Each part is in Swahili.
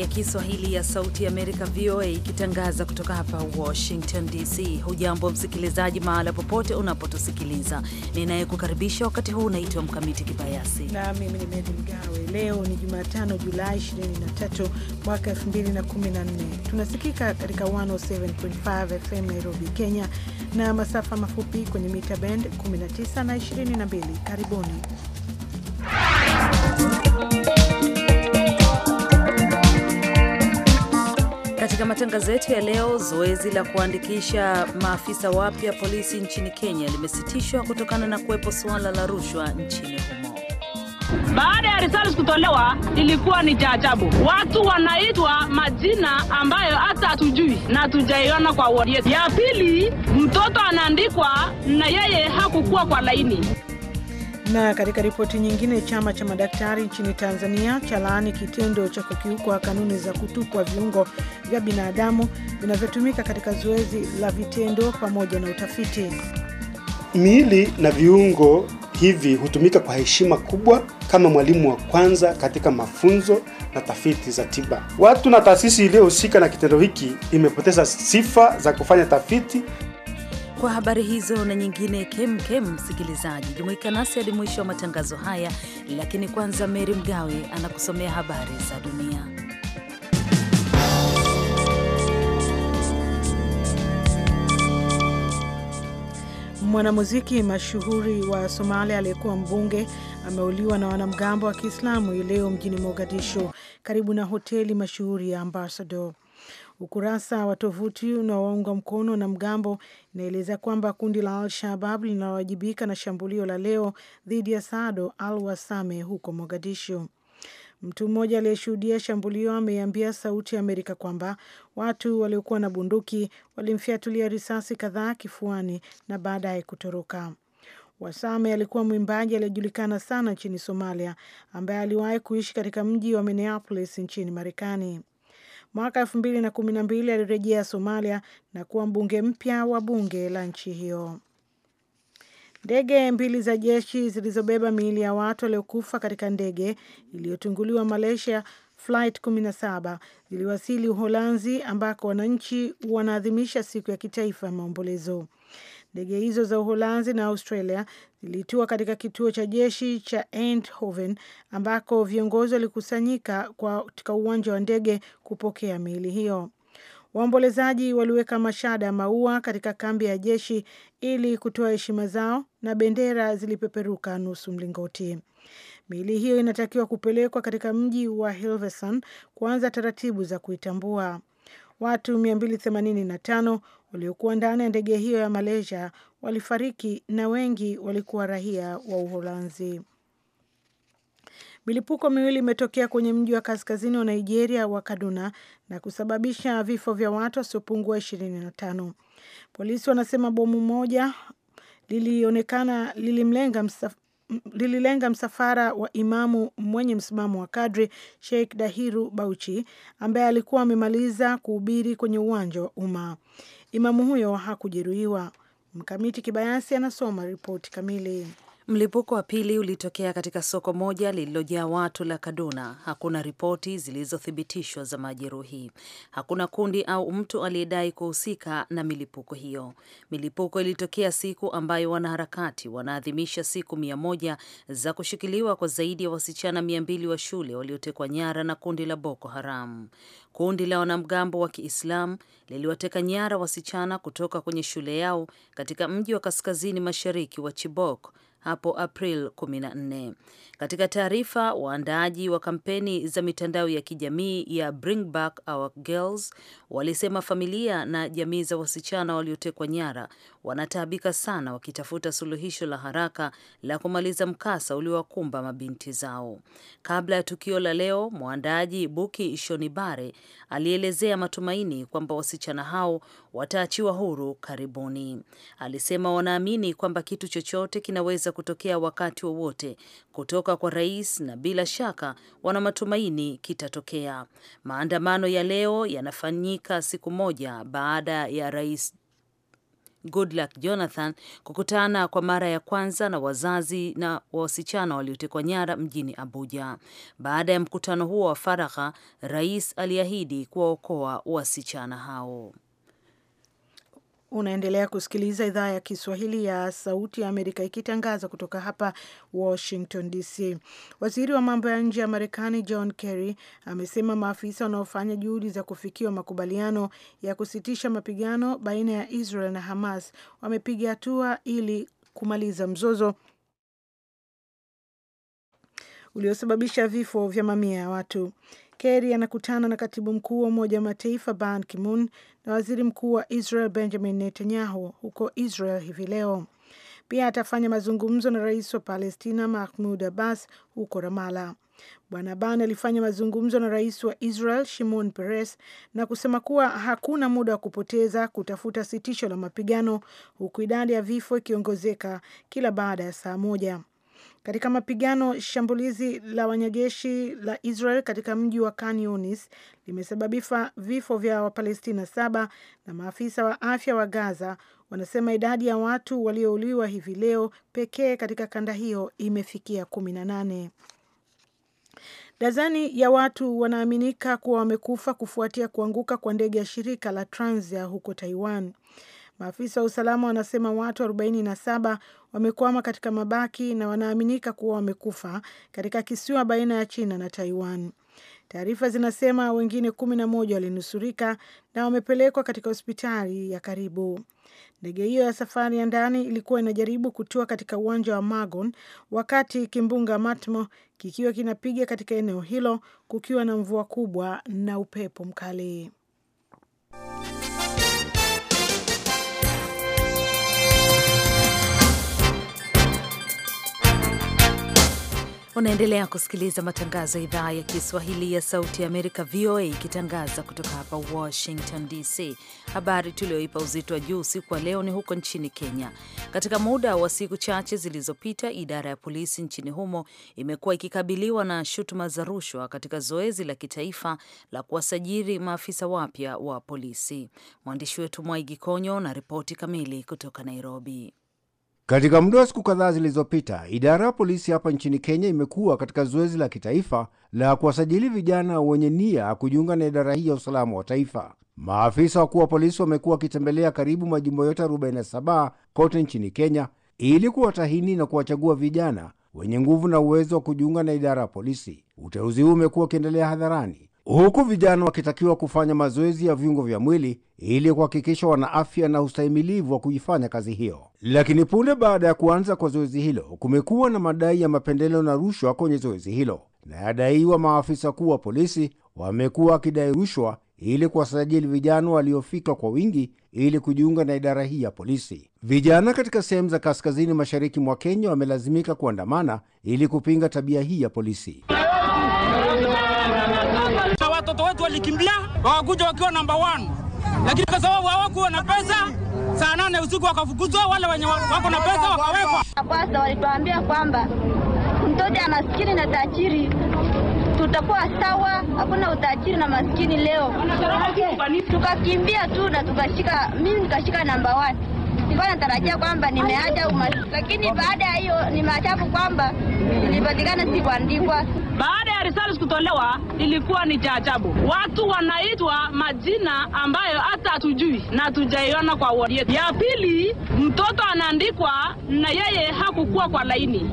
ya Kiswahili ya Sauti Amerika, VOA, ikitangaza kutoka hapa Washington DC. Hujambo msikilizaji, mahala popote unapotusikiliza. Ninayekukaribisha wakati huu unaitwa Mkamiti Kibayasi na mimi ni Meri Mgawe. Leo ni Jumatano, Julai 23 mwaka 2014. Tunasikika katika 107.5 FM Nairobi, Kenya, na masafa mafupi kwenye mita bend 19 na 22. Karibuni. Katika matangazo yetu ya leo, zoezi la kuandikisha maafisa wapya polisi nchini Kenya limesitishwa kutokana na kuwepo suala la rushwa nchini humo. Baada ya results kutolewa, ilikuwa ni cha ajabu. Watu wanaitwa majina ambayo hata hatujui na tujaiona kwa wodi yetu. Ya pili, mtoto anaandikwa na yeye hakukuwa kwa laini. Na katika ripoti nyingine, chama cha madaktari nchini Tanzania chalaani kitendo cha kukiukwa kanuni za kutupwa viungo vya binadamu vinavyotumika katika zoezi la vitendo pamoja na utafiti. Miili na viungo hivi hutumika kwa heshima kubwa kama mwalimu wa kwanza katika mafunzo na tafiti za tiba. Watu na taasisi iliyohusika na kitendo hiki imepoteza sifa za kufanya tafiti kwa habari hizo na nyingine kemkem, msikilizaji, jumuika nasi hadi mwisho wa matangazo haya, lakini kwanza, Meri Mgawe anakusomea habari za dunia. Mwanamuziki mashuhuri wa Somalia aliyekuwa mbunge ameuliwa na wanamgambo wa Kiislamu leo mjini Mogadishu karibu na hoteli mashuhuri ya Ambassador. Ukurasa wa tovuti unaowaunga mkono na mgambo inaeleza kwamba kundi la Al-Shabab linawajibika na shambulio la leo dhidi ya Saado Al-Wasame huko Mogadishu. Mtu mmoja aliyeshuhudia shambulio ameiambia Sauti ya Amerika kwamba watu waliokuwa na bunduki walimfyatulia risasi kadhaa kifuani na baadaye kutoroka. Wasame alikuwa mwimbaji aliyejulikana sana nchini Somalia ambaye aliwahi kuishi katika mji wa Minneapolis nchini Marekani. Mwaka elfu mbili na kumi na mbili alirejea Somalia na kuwa mbunge mpya wa bunge la nchi hiyo. Ndege mbili za jeshi zilizobeba miili ya watu waliokufa katika ndege iliyotunguliwa Malaysia Flight 17 ziliwasili Uholanzi ambako wananchi wanaadhimisha siku ya kitaifa ya maombolezo. Ndege hizo za Uholanzi na Australia zilitua katika kituo cha jeshi cha Eindhoven ambako viongozi walikusanyika katika uwanja wa ndege kupokea miili hiyo. Waombolezaji waliweka mashada ya maua katika kambi ya jeshi ili kutoa heshima zao na bendera zilipeperuka nusu mlingoti. Miili hiyo inatakiwa kupelekwa katika mji wa Hilversum kuanza taratibu za kuitambua. Watu 285 waliokuwa ndani ya ndege hiyo ya Malaysia walifariki na wengi walikuwa raia wa Uholanzi. Milipuko miwili imetokea kwenye mji wa kaskazini wa Nigeria wa Kaduna na kusababisha vifo vya watu wasiopungua 25. Polisi wanasema bomu moja lilionekana lilimlenga msaf, lililenga msafara wa imamu mwenye msimamo wa kadri Sheikh Dahiru Bauchi ambaye alikuwa amemaliza kuhubiri kwenye uwanja wa umma. Imamu huyo hakujeruhiwa. Mkamiti Kibayasi anasoma ripoti kamili. Mlipuko wa pili ulitokea katika soko moja lililojaa watu la Kaduna. Hakuna ripoti zilizothibitishwa za majeruhi. Hakuna kundi au mtu aliyedai kuhusika na milipuko hiyo. Milipuko ilitokea siku ambayo wanaharakati wanaadhimisha siku mia moja za kushikiliwa kwa zaidi ya wasichana mia mbili wa shule waliotekwa nyara na kundi la Boko Haram. Kundi la wanamgambo wa Kiislamu liliwateka nyara wasichana kutoka kwenye shule yao katika mji wa kaskazini mashariki wa Chibok hapo April 14. Katika taarifa, waandaaji wa kampeni za mitandao ya kijamii ya Bring Back Our Girls walisema familia na jamii za wasichana waliotekwa nyara wanataabika sana wakitafuta suluhisho la haraka la kumaliza mkasa uliowakumba mabinti zao. Kabla ya tukio la leo, mwandaaji Buki Shonibare alielezea matumaini kwamba wasichana hao wataachiwa huru karibuni. Alisema wanaamini kwamba kitu chochote kinaweza kutokea wakati wowote kutoka kwa rais, na bila shaka wana matumaini kitatokea. Maandamano ya leo yanafanyika siku moja baada ya rais Goodluck Jonathan kukutana kwa mara ya kwanza na wazazi na wasichana waliotekwa nyara mjini Abuja. Baada ya mkutano huo wa faragha, rais aliahidi kuwaokoa wasichana hao. Unaendelea kusikiliza idhaa ya Kiswahili ya Sauti ya Amerika ikitangaza kutoka hapa Washington DC. Waziri wa mambo ya nje ya Marekani John Kerry amesema maafisa wanaofanya juhudi za kufikiwa makubaliano ya kusitisha mapigano baina ya Israel na Hamas wamepiga hatua ili kumaliza mzozo uliosababisha vifo vya mamia ya watu. Kerry anakutana na katibu mkuu wa Umoja wa Mataifa Ban Ki-moon na waziri mkuu wa Israel Benjamin Netanyahu huko Israel hivi leo. Pia atafanya mazungumzo na rais wa Palestina Mahmud Abbas huko Ramala. Bwana Ban alifanya mazungumzo na rais wa Israel Shimon Peres na kusema kuwa hakuna muda wa kupoteza kutafuta sitisho la mapigano, huku idadi ya vifo ikiongezeka kila baada ya saa moja. Katika mapigano, shambulizi la wanajeshi la Israel katika mji wa Khan limesababisha vifo vya Wapalestina saba na maafisa wa afya wa Gaza wanasema idadi ya watu waliouliwa hivi leo pekee katika kanda hiyo imefikia kumi na nane. Dazani ya watu wanaaminika kuwa wamekufa kufuatia kuanguka kwa ndege ya shirika la transia huko Taiwan. Maafisa wa usalama wanasema watu 47 wamekwama katika mabaki na wanaaminika kuwa wamekufa katika kisiwa baina ya China na Taiwan. Taarifa zinasema wengine kumi na moja walinusurika na wamepelekwa katika hospitali ya karibu. Ndege hiyo ya safari ya ndani ilikuwa inajaribu kutua katika uwanja wa Magon wakati kimbunga Matmo kikiwa kinapiga katika eneo hilo kukiwa na mvua kubwa na upepo mkali. Unaendelea kusikiliza matangazo ya idhaa ya Kiswahili ya Sauti ya Amerika, VOA, ikitangaza kutoka hapa Washington DC. Habari tuliyoipa uzito wa juu usiku wa leo ni huko nchini Kenya. Katika muda wa siku chache zilizopita, idara ya polisi nchini humo imekuwa ikikabiliwa na shutuma za rushwa katika zoezi la kitaifa la kuwasajili maafisa wapya wa polisi. Mwandishi wetu mwaigi konyo na ripoti kamili kutoka Nairobi. Katika muda wa siku kadhaa zilizopita, idara ya polisi hapa nchini Kenya imekuwa katika zoezi la kitaifa la kuwasajili vijana wenye nia ya kujiunga na idara hii ya usalama wa taifa. Maafisa wakuu wa polisi wamekuwa wakitembelea karibu majimbo yote 47 kote nchini Kenya ili kuwatahini na kuwachagua vijana wenye nguvu na uwezo wa kujiunga na idara ya polisi. Uteuzi huu umekuwa ukiendelea hadharani huku vijana wakitakiwa kufanya mazoezi ya viungo vya mwili ili kuhakikisha wana afya na ustahimilivu wa kuifanya kazi hiyo. Lakini punde baada ya kuanza kwa zoezi hilo, kumekuwa na madai ya mapendeleo na rushwa kwenye zoezi hilo, na yadaiwa maafisa kuu wa polisi wamekuwa wakidai rushwa ili kuwasajili vijana waliofika kwa wingi ili kujiunga na idara hii ya polisi. Vijana katika sehemu za kaskazini mashariki mwa Kenya wamelazimika kuandamana ili kupinga tabia hii ya polisi. walikimbia wakakuja wakiwa namba one, lakini kwa sababu hawakuwa na pesa, saa nane usiku wakafukuzwa. Wale wenye wako na pesa wakawekwa. Kwanza walituambia kwamba mtoto maskini na tajiri tutakuwa sawa, hakuna utajiri na maskini leo. Tukakimbia tu na tukashika, mimi nikashika namba one nilikuwa natarajia kwamba nimeacha umaskini, lakini baada ya hiyo nimeachafu kwamba nilipatikana kuandikwa. Baada ya risali kutolewa, ilikuwa ni cha ajabu. Watu wanaitwa majina ambayo hata hatujui na hatujaiona kwa wodi yetu. Ya pili, mtoto anaandikwa na yeye hakukuwa kwa laini.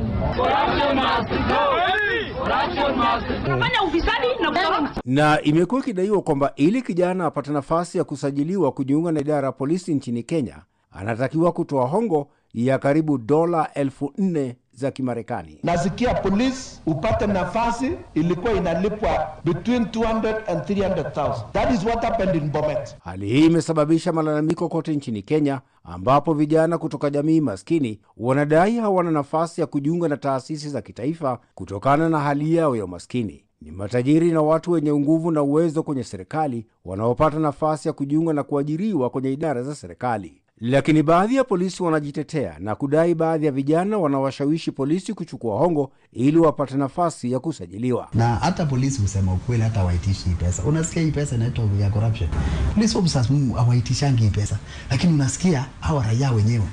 Na imekuwa ikidaiwa kwamba ili kijana apate nafasi ya kusajiliwa kujiunga na idara ya polisi nchini Kenya anatakiwa kutoa hongo ya karibu dola elfu nne za Kimarekani. Nasikia polisi upate nafasi ilikuwa inalipwa between 200 and 300,000. That is what happened in Bomet. Hali hii imesababisha malalamiko kote nchini Kenya ambapo vijana kutoka jamii maskini wanadai hawana nafasi ya kujiunga na taasisi za kitaifa kutokana na hali yao ya umaskini. Ni matajiri na watu wenye nguvu na uwezo kwenye serikali wanaopata nafasi ya kujiunga na kuajiriwa kwenye idara za serikali. Lakini baadhi ya polisi wanajitetea na kudai baadhi ya vijana wanawashawishi polisi kuchukua hongo ili wapate nafasi ya kusajiliwa. Na hata polisi husema ukweli, hata hawaitishi hii pesa. Unasikia hii pesa inaitwa ya corruption. Police officers hawaitishangi hii pesa, lakini unasikia hawa raia wenyewe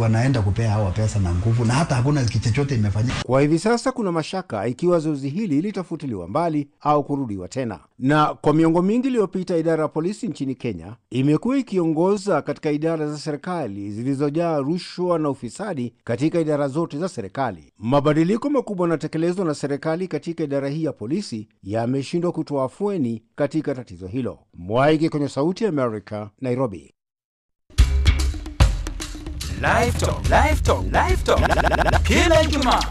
wanaenda kupea hawa pesa na nguvu, na hata hakuna kichochote imefanyika. Kwa hivi sasa kuna mashaka ikiwa zoezi hili litafutiliwa mbali au kurudiwa tena. Na kwa miongo mingi iliyopita, idara ya polisi nchini Kenya imekuwa ikiongoza katika idara za serikali zilizojaa rushwa na ufisadi katika idara zote za serikali. Mabadiliko makubwa yanatekelezwa na serikali katika idara hii ya polisi yameshindwa kutoa afueni katika tatizo hilo. Mwaige kwenye Sauti ya Amerika, Nairobi. Kila Ijumaa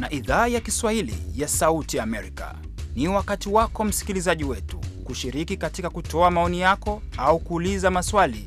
na idhaa ya Kiswahili ya Sauti ya Amerika ni wakati wako msikilizaji wetu kushiriki katika kutoa maoni yako au kuuliza maswali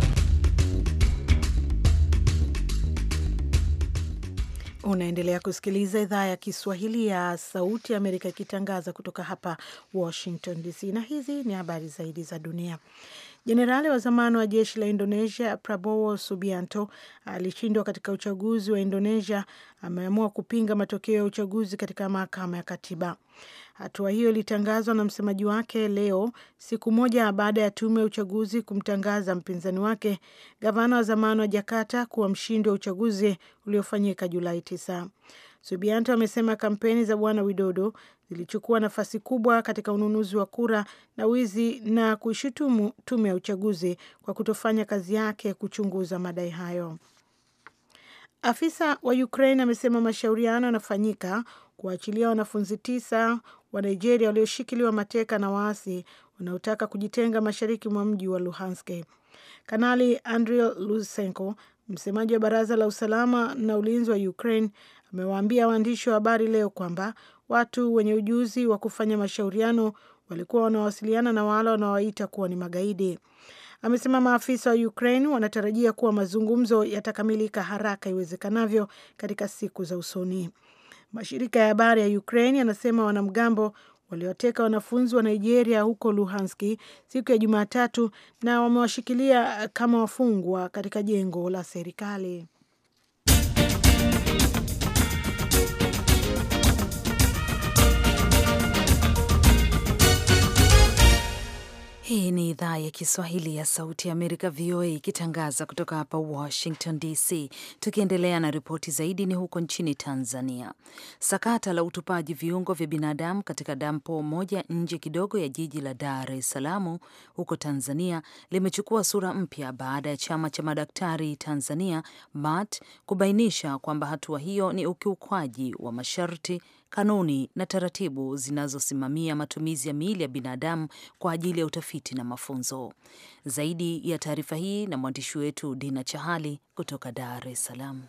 Unaendelea kusikiliza idhaa ya Kiswahili ya Sauti ya Amerika ikitangaza kutoka hapa Washington DC, na hizi ni habari zaidi za dunia. Jenerali wa zamani wa jeshi la Indonesia Prabowo Subianto alishindwa katika uchaguzi wa Indonesia, ameamua kupinga matokeo ya uchaguzi katika mahakama ya katiba. Hatua hiyo ilitangazwa na msemaji wake leo, siku moja baada ya tume ya uchaguzi kumtangaza mpinzani wake, gavana wa zamani wa Jakarta, kuwa mshindi wa uchaguzi uliofanyika Julai 9. Subianto amesema kampeni za bwana Widodo zilichukua nafasi kubwa katika ununuzi wa kura na wizi na kuishutumu tume ya uchaguzi kwa kutofanya kazi yake kuchunguza madai hayo. Afisa wa Ukraine amesema mashauriano yanafanyika kuachilia wanafunzi tisa wa Nigeria walioshikiliwa mateka na waasi wanaotaka kujitenga mashariki mwa mji wa Luhansk. Kanali Andriy Lusenko, msemaji wa baraza la usalama na ulinzi wa Ukraine, amewaambia waandishi wa habari leo kwamba watu wenye ujuzi wa kufanya mashauriano walikuwa wanawasiliana na wale wanaowaita kuwa ni magaidi. Amesema maafisa wa Ukraine wanatarajia kuwa mazungumzo yatakamilika haraka iwezekanavyo katika siku za usoni. Mashirika ya habari ya Ukraine yanasema wanamgambo walioteka wanafunzi wa Nigeria huko Luhanski siku ya Jumatatu na wamewashikilia kama wafungwa katika jengo la serikali. Hii ni idhaa ya Kiswahili ya Sauti ya Amerika, VOA, ikitangaza kutoka hapa Washington DC. Tukiendelea na ripoti zaidi, ni huko nchini Tanzania. Sakata la utupaji viungo vya binadamu katika dampo moja nje kidogo ya jiji la Dar es Salaam huko Tanzania limechukua sura mpya baada ya chama cha madaktari Tanzania MAT kubainisha kwamba hatua hiyo ni ukiukwaji wa masharti kanuni na taratibu zinazosimamia matumizi ya miili ya binadamu kwa ajili ya utafiti na mafunzo. Zaidi ya taarifa hii na mwandishi wetu Dina Chahali kutoka Dar es Salaam.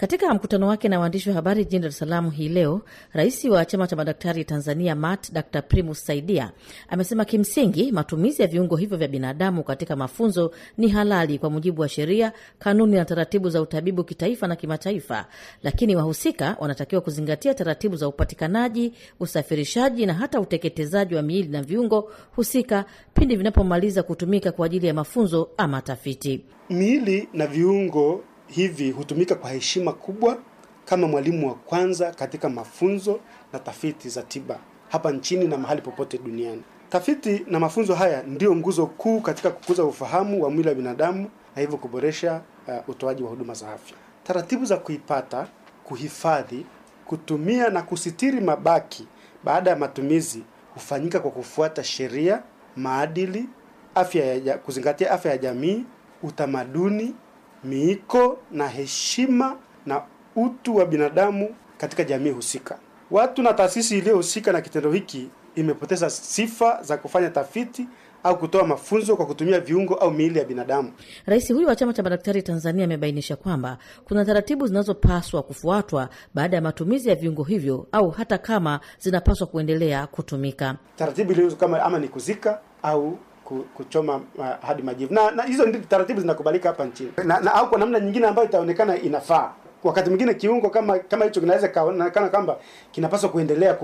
Katika mkutano wake na waandishi wa habari jijini Dar es Salaam hii leo, rais wa chama cha madaktari Tanzania MAT Dr Primus Saidia amesema kimsingi matumizi ya viungo hivyo vya binadamu katika mafunzo ni halali kwa mujibu wa sheria, kanuni na taratibu za utabibu kitaifa na kimataifa, lakini wahusika wanatakiwa kuzingatia taratibu za upatikanaji, usafirishaji na hata uteketezaji wa miili na viungo husika pindi vinapomaliza kutumika kwa ajili ya mafunzo ama tafiti. Miili na viungo hivi hutumika kwa heshima kubwa kama mwalimu wa kwanza katika mafunzo na tafiti za tiba hapa nchini na mahali popote duniani. Tafiti na mafunzo haya ndiyo nguzo kuu katika kukuza ufahamu wa mwili wa binadamu na hivyo kuboresha uh, utoaji wa huduma za afya. Taratibu za kuipata, kuhifadhi, kutumia na kusitiri mabaki baada ya matumizi hufanyika kwa kufuata sheria, maadili, afya ya, kuzingatia afya ya jamii, utamaduni miiko na heshima na utu wa binadamu katika jamii husika. Watu na taasisi iliyohusika na kitendo hiki imepoteza sifa za kufanya tafiti au kutoa mafunzo kwa kutumia viungo au miili ya binadamu. Rais huyu wa chama cha madaktari Tanzania amebainisha kwamba kuna taratibu zinazopaswa kufuatwa baada ya matumizi ya viungo hivyo, au hata kama zinapaswa kuendelea kutumika. Taratibu iliyo kama ama ni kuzika au kuchoma uh, hadi majivu na, na hizo ndio taratibu zinakubalika hapa nchini na, na, au kwa namna nyingine ambayo itaonekana inafaa. Wakati mwingine kiungo kama kama hicho kinaweza kaonekana kwamba kinapaswa kuendelea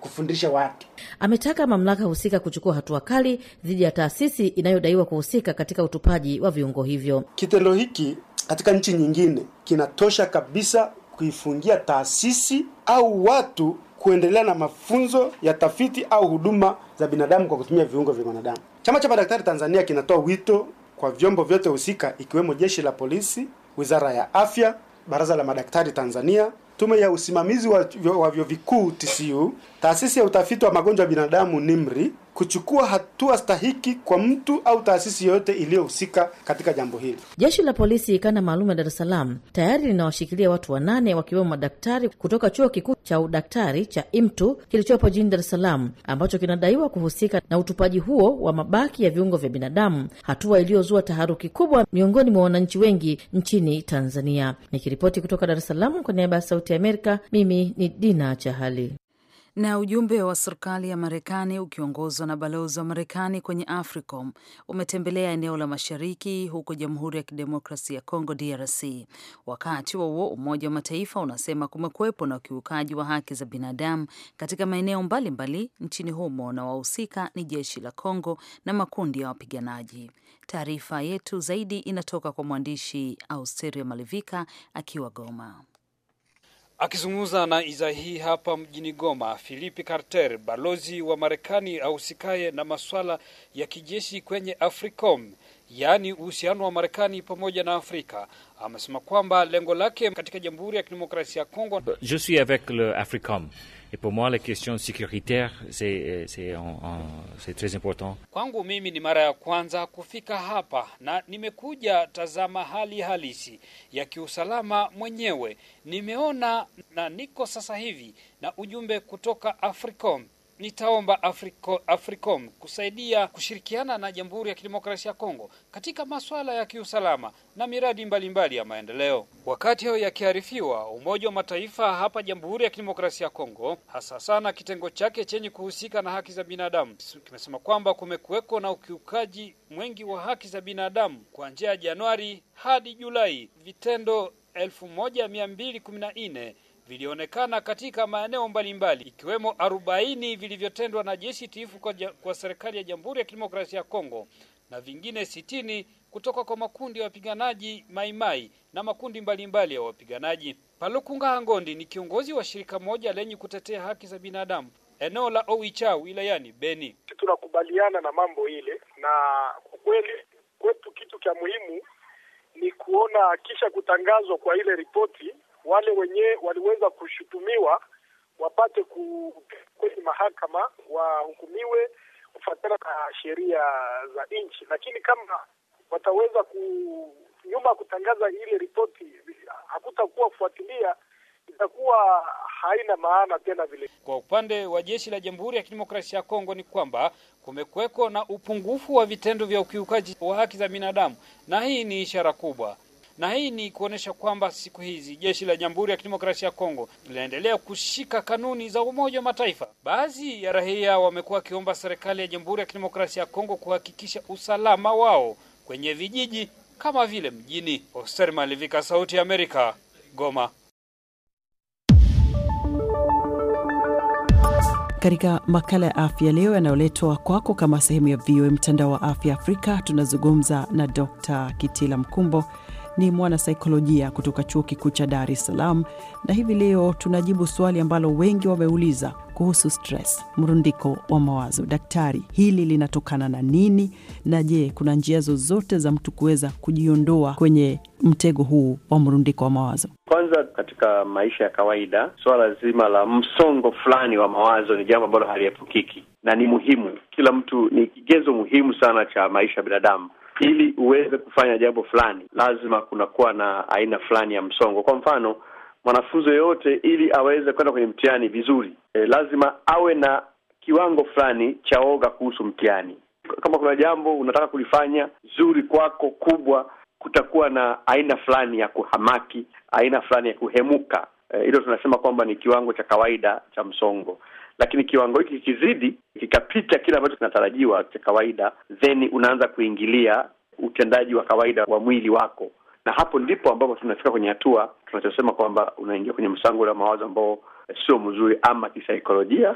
kufundisha watu. Ametaka mamlaka husika kuchukua hatua kali dhidi ya taasisi inayodaiwa kuhusika katika utupaji wa viungo hivyo. Kitendo hiki katika nchi nyingine kinatosha kabisa kuifungia taasisi au watu kuendelea na mafunzo ya tafiti au huduma za binadamu kwa kutumia viungo vya binadamu. Chama cha madaktari Tanzania kinatoa wito kwa vyombo vyote husika ikiwemo jeshi la polisi, wizara ya afya, baraza la madaktari Tanzania, tume ya usimamizi wa vyuo vikuu TCU Taasisi ya Utafiti wa Magonjwa ya Binadamu NIMRI kuchukua hatua stahiki kwa mtu au taasisi yoyote iliyohusika katika jambo hili. Jeshi la polisi kanda maalum ya Dar es Salaam tayari linawashikilia watu wanane wakiwemo madaktari kutoka chuo kikuu cha udaktari cha IMTU kilichopo jijini Dar es Salaam ambacho kinadaiwa kuhusika na utupaji huo wa mabaki ya viungo vya binadamu, hatua iliyozua taharuki kubwa miongoni mwa wananchi wengi nchini Tanzania. Nikiripoti kutoka Dar es Salaam kwa niaba ya Sauti ya Amerika, mimi ni Dina Chahali. Na ujumbe wa serikali ya Marekani ukiongozwa na balozi wa Marekani kwenye AFRICOM umetembelea eneo la mashariki huko Jamhuri ya Kidemokrasia ya Kongo, DRC. Wakati wa huo, Umoja wa Mataifa unasema kumekuwepo na ukiukaji wa haki za binadamu katika maeneo mbalimbali nchini humo, na wahusika ni jeshi la Kongo na makundi ya wapiganaji. Taarifa yetu zaidi inatoka kwa mwandishi Austeria Malivika akiwa Goma. Akizungumza na iza hii hapa mjini Goma, Philippe Carter, balozi wa Marekani ahusikaye na maswala ya kijeshi kwenye AFRICOM, yaani uhusiano wa Marekani pamoja na Afrika. Amesema kwamba lengo lake katika Jamhuri ya Kidemokrasia ya Kongo, je suis avec le Africom et pour moi les questions securitaires c'est euh, c'est euh, euh, c'est très important. Kwangu mimi ni mara ya kwanza kufika hapa na nimekuja tazama hali halisi ya kiusalama mwenyewe, nimeona na niko sasa hivi na ujumbe kutoka Africom nitaomba Afriko, Africom kusaidia kushirikiana na Jamhuri ya Kidemokrasia ya Kongo katika masuala ya kiusalama na miradi mbalimbali mbali ya maendeleo. Wakati hayo yakiarifiwa, Umoja wa Mataifa hapa Jamhuri ya Kidemokrasia ya Kongo, hasa sana kitengo chake chenye kuhusika na haki za binadamu, kimesema kwamba kumekuweko na ukiukaji mwingi wa haki za binadamu kuanzia Januari hadi Julai, vitendo elfu moja mia mbili kumi na nne vilionekana katika maeneo mbalimbali ikiwemo arobaini vilivyotendwa na jeshi tiifu kwa, ja, kwa serikali ya Jamhuri ya Kidemokrasia ya Kongo na vingine sitini kutoka kwa makundi ya wapiganaji maimai na makundi mbalimbali mbali ya wapiganaji. Palukunga Hangondi ni kiongozi wa shirika moja lenye kutetea haki za binadamu eneo la Owichau wilayani Beni. Tunakubaliana na mambo ile, na kwa kweli kwetu kitu cha muhimu ni kuona kisha kutangazwa kwa ile ripoti wale wenyewe waliweza kushutumiwa wapate kwenye mahakama wahukumiwe kufuatana na sheria za nchi, lakini kama wataweza ku nyuma kutangaza ile ripoti hakutakuwa kufuatilia, itakuwa haina maana tena. Vile kwa upande wa jeshi la Jamhuri ya Kidemokrasia ya Kongo ni kwamba kumekuweko na upungufu wa vitendo vya ukiukaji wa haki za binadamu, na hii ni ishara kubwa na hii ni kuonesha kwamba siku hizi jeshi la Jamhuri ya Kidemokrasia ya Kongo linaendelea kushika kanuni za Umoja wa Mataifa. Baadhi ya raia wamekuwa wakiomba serikali ya Jamhuri ya Kidemokrasia ya Kongo kuhakikisha usalama wao kwenye vijiji kama vile mjini. Oster Malivika, Sauti ya Amerika, Goma. Katika makala ya afya leo yanayoletwa kwako kama sehemu ya VOA mtandao wa afya Afrika, tunazungumza na Dr. Kitila Mkumbo ni mwanasaikolojia kutoka chuo kikuu cha Dar es Salaam, na hivi leo tunajibu swali ambalo wengi wameuliza kuhusu stress, mrundiko wa mawazo. Daktari, hili linatokana na nini? Na je, kuna njia zozote za mtu kuweza kujiondoa kwenye mtego huu wa mrundiko wa mawazo? Kwanza, katika maisha ya kawaida, swala zima la msongo fulani wa mawazo ni jambo ambalo haliepukiki na ni muhimu. Kila mtu ni kigezo muhimu sana cha maisha ya binadamu ili uweze kufanya jambo fulani, lazima kunakuwa na aina fulani ya msongo. Kwa mfano, mwanafunzi yoyote ili aweze kwenda kwenye mtihani vizuri, e, lazima awe na kiwango fulani cha oga kuhusu mtihani. Kama kuna jambo unataka kulifanya zuri kwako kubwa, kutakuwa na aina fulani ya kuhamaki, aina fulani ya kuhemuka. E, hilo e, tunasema kwamba ni kiwango cha kawaida cha msongo lakini kiwango hiki kikizidi, kikapita kile ambacho kinatarajiwa cha kawaida, then unaanza kuingilia utendaji wa kawaida wa mwili wako, na hapo ndipo ambapo tunafika kwenye hatua tunachosema kwamba unaingia kwenye msango wa mawazo ambao sio mzuri, ama kisaikolojia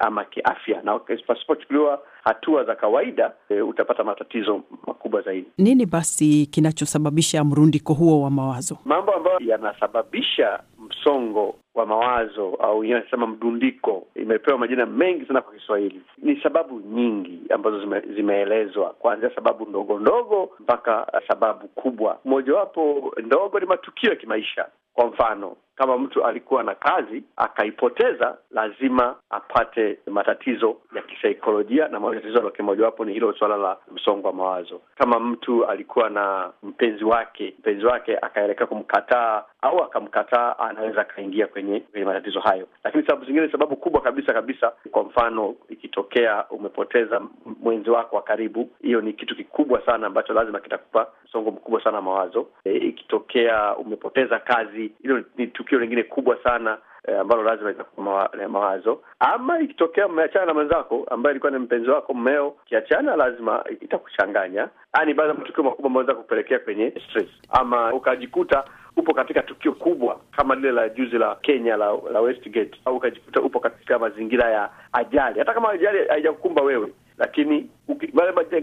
ama kiafya, na pasipochukuliwa hatua za kawaida e, utapata matatizo makubwa zaidi. Nini basi kinachosababisha mrundiko huo wa mawazo? Mambo ambayo yanasababisha msongo wa mawazo au inasema mdundiko, imepewa majina mengi sana kwa Kiswahili. Ni sababu nyingi ambazo zime, zimeelezwa kuanzia sababu ndogo ndogo mpaka sababu kubwa. Mojawapo ndogo ni matukio ya kimaisha. Kwa mfano, kama mtu alikuwa na kazi akaipoteza, lazima apate matatizo ya kisaikolojia, na matatizo lake mojawapo ni hilo suala la msongo wa mawazo. Kama mtu alikuwa na mpenzi wake, mpenzi wake akaelekea kumkataa au akamkataa, anaweza akaingia kwenye kwenye matatizo hayo. Lakini sababu zingine, sababu kubwa kabisa kabisa, kwa mfano, ikitokea umepoteza mwenzi wako wa karibu, hiyo ni kitu kikubwa sana ambacho lazima kitakupa msongo mkubwa sana mawazo. E, ikitokea umepoteza kazi, hilo ni tukio lingine kubwa sana eh, ambalo lazima itakuwa eh, mawazo. Ama ikitokea mmeachana na mwenzako ambaye alikuwa ni mpenzi wako, mmeo, kiachana lazima itakuchanganya. Ni yaani baadhi ya matukio makubwa ameweza kupelekea kwenye stress, ama ukajikuta upo katika tukio kubwa kama lile la juzi la Kenya la, la Westgate, au ukajikuta upo katika mazingira ya ajali, hata kama ajali haijakukumba wewe lakini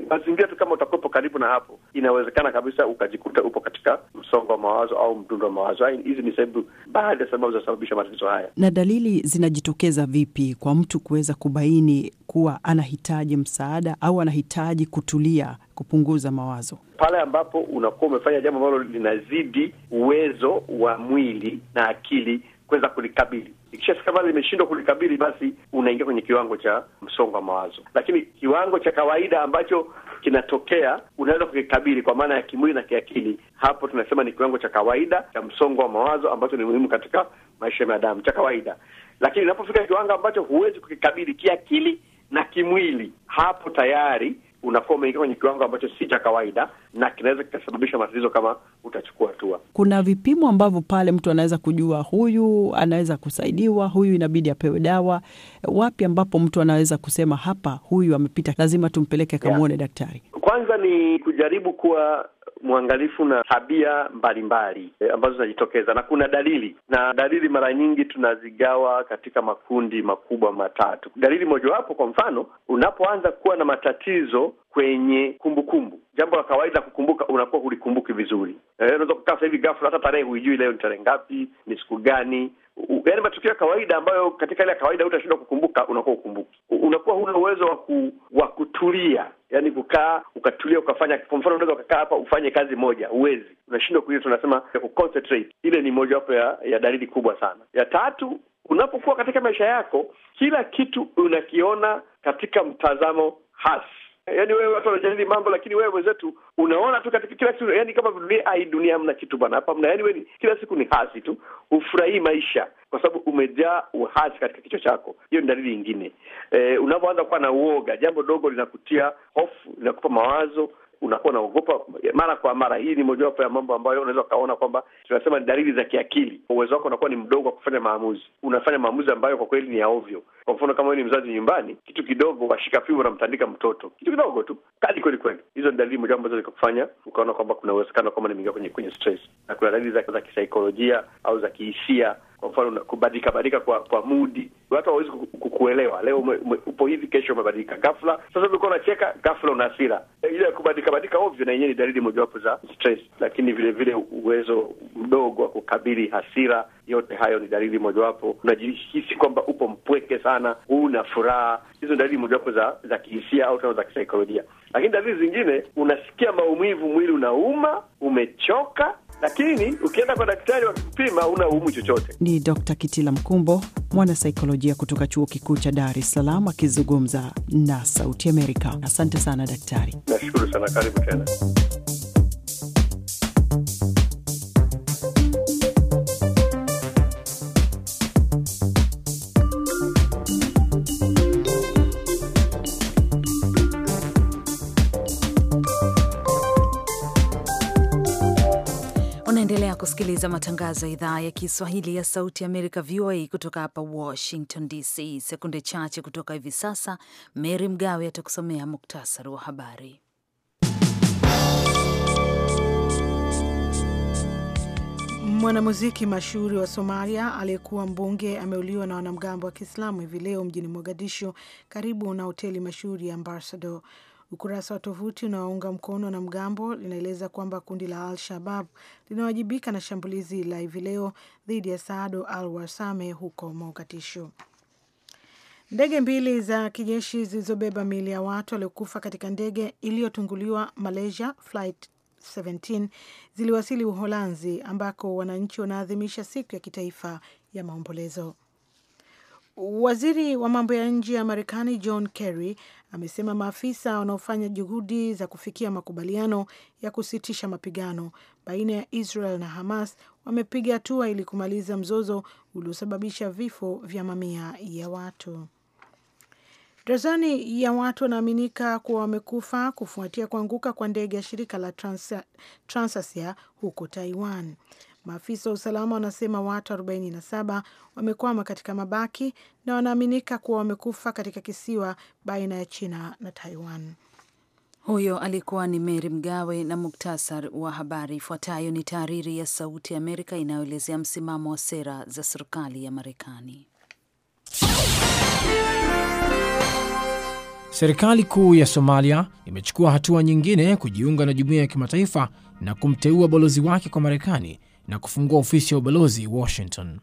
mazingira tu kama utakuwepo karibu na hapo, inawezekana kabisa ukajikuta upo katika msongo wa mawazo au mdundo wa mawazo. Yaani, hizi ni sehemu baadhi ya sababu zinasababisha matatizo haya. Na dalili zinajitokeza vipi kwa mtu kuweza kubaini kuwa anahitaji msaada au anahitaji kutulia, kupunguza mawazo? Pale ambapo unakuwa umefanya jambo ambalo linazidi uwezo wa mwili na akili kuweza kulikabili ikishafika pale imeshindwa kulikabili, basi unaingia kwenye kiwango cha msongo wa mawazo. Lakini kiwango cha kawaida ambacho kinatokea unaweza kukikabili kwa maana ya kimwili na kiakili, hapo tunasema ni kiwango cha kawaida cha msongo wa mawazo ambacho ni muhimu katika maisha ya binadamu, cha kawaida. Lakini unapofika kiwango ambacho huwezi kukikabili kiakili na kimwili, hapo tayari unakuwa umeingia kwenye kiwango ambacho si cha kawaida na kinaweza kikasababisha matatizo kama utachukua hatua. Kuna vipimo ambavyo pale mtu anaweza kujua huyu anaweza kusaidiwa, huyu inabidi apewe dawa. Wapi ambapo mtu anaweza kusema hapa, huyu amepita, lazima tumpeleke akamwone yeah, daktari? Kwanza ni kujaribu kuwa mwangalifu na tabia mbalimbali e, ambazo zinajitokeza na kuna dalili, na dalili mara nyingi tunazigawa katika makundi makubwa matatu. Dalili mojawapo, kwa mfano, unapoanza kuwa na matatizo kwenye kumbukumbu, jambo la kawaida kukumbuka, unakuwa hulikumbuki vizuri. Eh, unaweza kukaa sahivi ghafla, hata tarehe huijui, leo ni tarehe ngapi, ni siku gani yaani matukio ya kawaida ambayo katika ile ya kawaida utashindwa kukumbuka, unakuwa ukumbuki, unakuwa huna uwezo wa ku, wa kutulia yaani kukaa ukatulia ukafanya. Kwa mfano, unaweza ukakaa hapa ufanye kazi moja, huwezi, unashindwa kuile, tunasema ya kuconcentrate. Ile ni mojawapo ya, ya dalili kubwa sana. Ya tatu, unapokuwa katika maisha yako, kila kitu unakiona katika mtazamo hasi yani wewe watu wanajadili mambo, lakini wewe mwenzetu unaona tu katika kila kitu, yani kama dunia ai, dunia mna kitu bana, hapa mna yani wewe kila siku ni hasi tu, hufurahii maisha kwa sababu umejaa uhasi katika kichwa chako. Hiyo ni dalili nyingine. E, unapoanza kuwa na uoga, jambo dogo linakutia hofu, linakupa mawazo unakuwa unaogopa mara kwa mara. Hii ni mojawapo ya mambo ambayo unaweza ukaona kwamba tunasema ni dalili za kiakili. Uwezo wako unakuwa ni mdogo wa kufanya maamuzi, unafanya maamuzi ambayo kwa kweli ni ya ovyo. Kwa mfano, kama wewe ni mzazi nyumbani, kitu kidogo washika fimbo unamtandika mtoto, kitu kidogo tu kali kweli kweli. Hizo ni dalili moja ambazo zikakufanya ukaona kwamba kuna uwezekano kwamba nimeingia kwenye kwenye stress, na kuna dalili za kisaikolojia au za kihisia kwa mfano kubadilika badilika kwa kwa mudi, watu hawawezi kukuelewa. Leo ume, ume, upo hivi, kesho umebadilika ghafla. Sasa ulikuwa unacheka, ghafla una hasira. Ile ya kubadilika badilika ovyo na yenyewe ni dalili mojawapo za stress, lakini vile vile uwezo mdogo wa kukabili hasira, yote hayo ni dalili mojawapo. Unajihisi kwamba upo mpweke sana, una furaha, hizo ni dalili mojawapo za za kihisia au tano za kisaikolojia. Lakini dalili zingine, unasikia maumivu, mwili unauma, umechoka lakini ukienda kwa daktari wakikupima una umu chochote. Ni Dr. Kitila Mkumbo, mwanasaikolojia kutoka Chuo Kikuu cha Dar es Salaam akizungumza na Sauti Amerika. Asante sana daktari. Nashukuru sana, karibu tena. kusikiliza matangazo ya idhaa ya Kiswahili ya Sauti Amerika, VOA, kutoka hapa Washington DC. Sekunde chache kutoka hivi sasa, Mary Mgawe atakusomea muktasari wa habari. Mwanamuziki mashuhuri wa Somalia aliyekuwa mbunge ameuliwa na wanamgambo wa Kiislamu hivi leo mjini Mogadishu, karibu na hoteli mashuhuri ya Ambassador. Ukurasa wa tovuti unaounga mkono na mgambo linaeleza kwamba kundi la Al-Shabab linawajibika na shambulizi la hivi leo dhidi ya Saado Al Wasame huko Mogadishu. Ndege mbili za kijeshi zilizobeba miili ya watu waliokufa katika ndege iliyotunguliwa Malaysia Flight 17 ziliwasili Uholanzi ambako wananchi wanaadhimisha siku ya kitaifa ya maombolezo. Waziri wa mambo ya nje ya Marekani John Kerry amesema maafisa wanaofanya juhudi za kufikia makubaliano ya kusitisha mapigano baina ya Israel na Hamas wamepiga hatua ili kumaliza mzozo uliosababisha vifo vya mamia ya watu. Dazani ya watu wanaaminika kuwa wamekufa kufuatia kuanguka kwa ndege ya shirika la Transasia huko Taiwan. Maafisa wa usalama wanasema watu 47 wamekwama katika mabaki na wanaaminika kuwa wamekufa katika kisiwa baina ya China na Taiwan. Huyo alikuwa ni Meri Mgawe na muktasar wa habari. Ifuatayo ni tahariri ya Sauti ya Amerika inayoelezea msimamo wa sera za serikali ya Marekani. Serikali kuu ya Somalia imechukua hatua nyingine kujiunga na jumuiya ya kimataifa na kumteua balozi wake kwa Marekani na kufungua ofisi ya ubalozi Washington.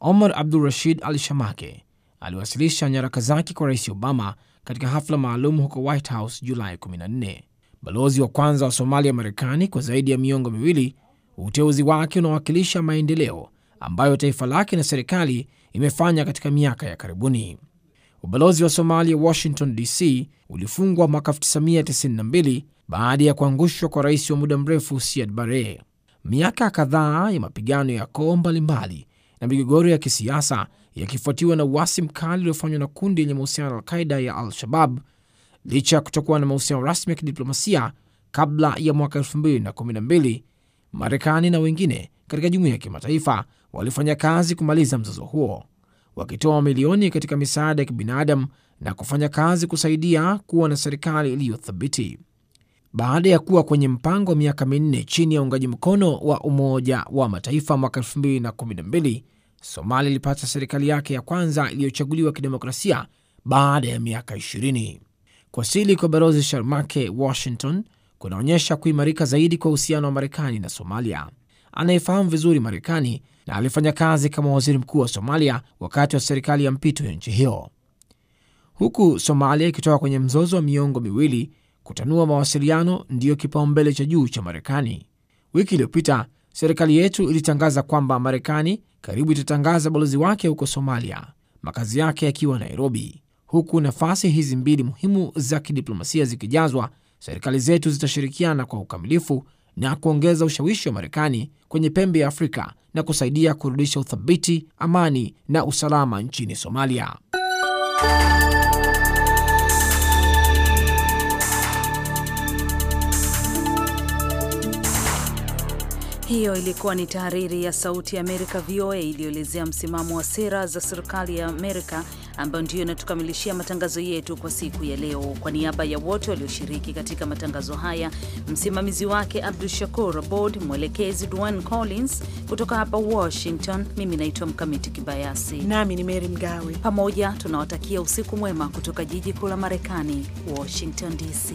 Omar Abdul Rashid Al Shamake aliwasilisha nyaraka zake kwa Rais Obama katika hafla maalum huko White House Julai 14. Balozi wa kwanza wa Somalia Marekani kwa zaidi ya miongo miwili, uteuzi wake unawakilisha maendeleo ambayo taifa lake na serikali imefanya katika miaka ya karibuni. Ubalozi wa Somalia Washington DC ulifungwa mwaka 1992 baada ya kuangushwa kwa rais wa muda mrefu Siad Barre. Miaka kadhaa ya mapigano ya koo mbalimbali na migogoro ya kisiasa yakifuatiwa na uasi mkali uliofanywa na kundi lenye mahusiano ya Alqaida ya Al-Shabab, licha ya kutokuwa na mahusiano rasmi ya kidiplomasia kabla ya mwaka 212 Marekani na wengine katika jumuia ya kimataifa walifanya kazi kumaliza mzozo huo, wakitoa mamilioni katika misaada ya kibinadamu na kufanya kazi kusaidia kuwa na serikali iliyothabiti baada ya kuwa kwenye mpango wa miaka minne chini ya uungaji mkono wa Umoja wa Mataifa mwaka 2012, Somalia ilipata serikali yake ya kwanza iliyochaguliwa kidemokrasia baada ya miaka 20. Kuwasili kwa Balozi Sharmake Washington kunaonyesha kuimarika zaidi kwa uhusiano wa Marekani na Somalia. Anayefahamu vizuri Marekani na alifanya kazi kama waziri mkuu wa Somalia wakati wa serikali ya mpito ya nchi hiyo, huku Somalia ikitoka kwenye mzozo wa miongo miwili Kutanua mawasiliano ndiyo kipaumbele cha juu cha Marekani. Wiki iliyopita serikali yetu ilitangaza kwamba Marekani karibu itatangaza balozi wake huko Somalia, makazi yake yakiwa Nairobi. Huku nafasi hizi mbili muhimu za kidiplomasia zikijazwa, serikali zetu zitashirikiana kwa ukamilifu na kuongeza ushawishi wa Marekani kwenye pembe ya Afrika na kusaidia kurudisha uthabiti, amani na usalama nchini Somalia. Hiyo ilikuwa ni tahariri ya Sauti ya Amerika, VOA, iliyoelezea msimamo wa sera za serikali ya Amerika, ambayo ndiyo inatukamilishia matangazo yetu kwa siku ya leo. Kwa niaba ya wote walioshiriki katika matangazo haya, msimamizi wake Abdu Shakur Abod, mwelekezi Dwan Collins kutoka hapa Washington, mimi naitwa Mkamiti Kibayasi nami ni Meri Mgawe. Pamoja tunawatakia usiku mwema kutoka jiji kuu la Marekani, Washington DC.